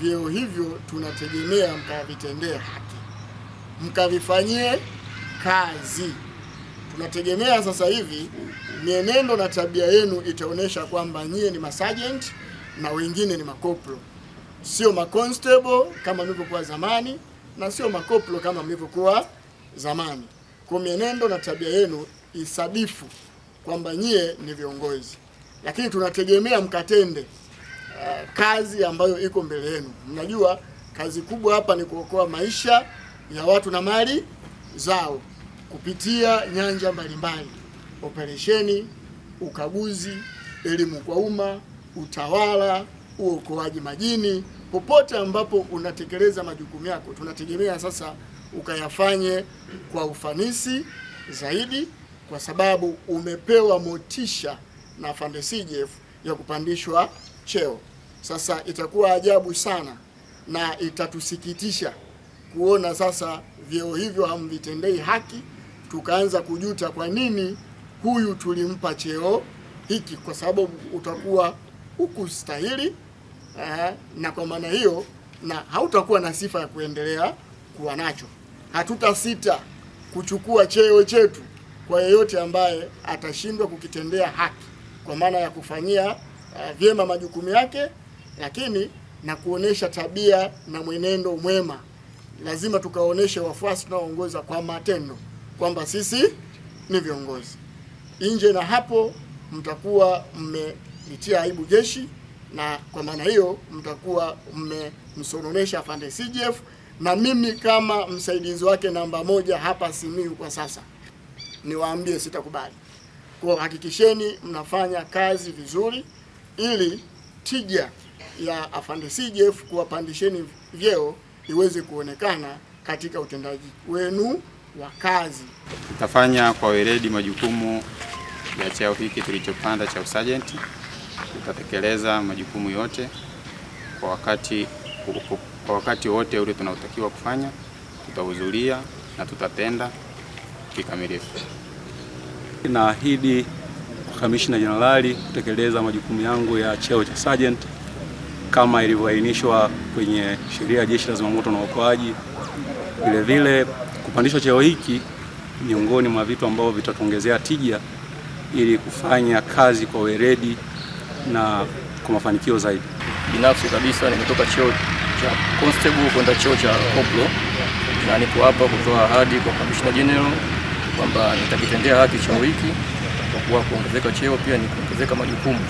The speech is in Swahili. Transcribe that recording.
vyeo hivyo tunategemea mkavitendee haki, mkavifanyie kazi. Tunategemea sasa hivi mienendo na tabia yenu itaonyesha kwamba nyie ni masergeant na wengine ni makoplo, sio makonstable kama mlivyokuwa zamani na sio makoplo kama mlivyokuwa zamani. Kwa mienendo na tabia yenu isabifu kwamba nyie ni viongozi, lakini tunategemea mkatende uh, kazi ambayo iko mbele yenu. Mnajua kazi kubwa hapa ni kuokoa maisha ya watu na mali zao kupitia nyanja mbalimbali: operesheni, ukaguzi, elimu kwa umma, utawala, uokoaji majini. Popote ambapo unatekeleza majukumu yako, tunategemea sasa ukayafanye kwa ufanisi zaidi, kwa sababu umepewa motisha na Afande ya kupandishwa cheo. Sasa itakuwa ajabu sana na itatusikitisha kuona sasa vyeo hivyo hamvitendei haki, tukaanza kujuta kwa nini huyu tulimpa cheo hiki, kwa sababu utakuwa hukustahili eh, na kwa maana hiyo na hautakuwa na sifa ya kuendelea kuwa nacho. Hatutasita kuchukua cheo chetu kwa yeyote ambaye atashindwa kukitendea haki, kwa maana ya kufanyia uh, vyema majukumu yake, lakini na kuonesha tabia na mwenendo mwema. Lazima tukaoneshe wafuasi tunaoongoza kwa matendo kwamba sisi ni viongozi. Nje na hapo, mtakuwa mmelitia aibu jeshi, na kwa maana hiyo mtakuwa mmemsononesha afande CGF na mimi kama msaidizi wake namba moja hapa Simiyu kwa sasa, niwaambie sitakubali. Kwa hakikisheni mnafanya kazi vizuri ili tija ya afande CJF kuwapandisheni vyeo iweze kuonekana katika utendaji wenu wa kazi. Tutafanya kwa weledi majukumu ya cheo hiki tulichopanda cha usajenti. Tutatekeleza majukumu yote kwa wakati, kwa wakati wote ule tunaotakiwa kufanya, tutahudhuria na tutatenda kikamilifu. Naahidi kamishna jenerali kutekeleza majukumu yangu ya cheo cha sergeant kama ilivyoainishwa kwenye sheria ya jeshi la zimamoto na uokoaji. Vile vile kupandishwa cheo hiki miongoni mwa vitu ambavyo vitatuongezea tija ili kufanya kazi kwa weledi na kwa mafanikio zaidi. Binafsi kabisa nimetoka cheo cha constable kwenda cheo cha koplo, na niko hapa kutoa ahadi kwa kamishna general kwamba nitakitendea haki cheo hiki kwa kuwa kuongezeka cheo pia ni kuongezeka majukumu.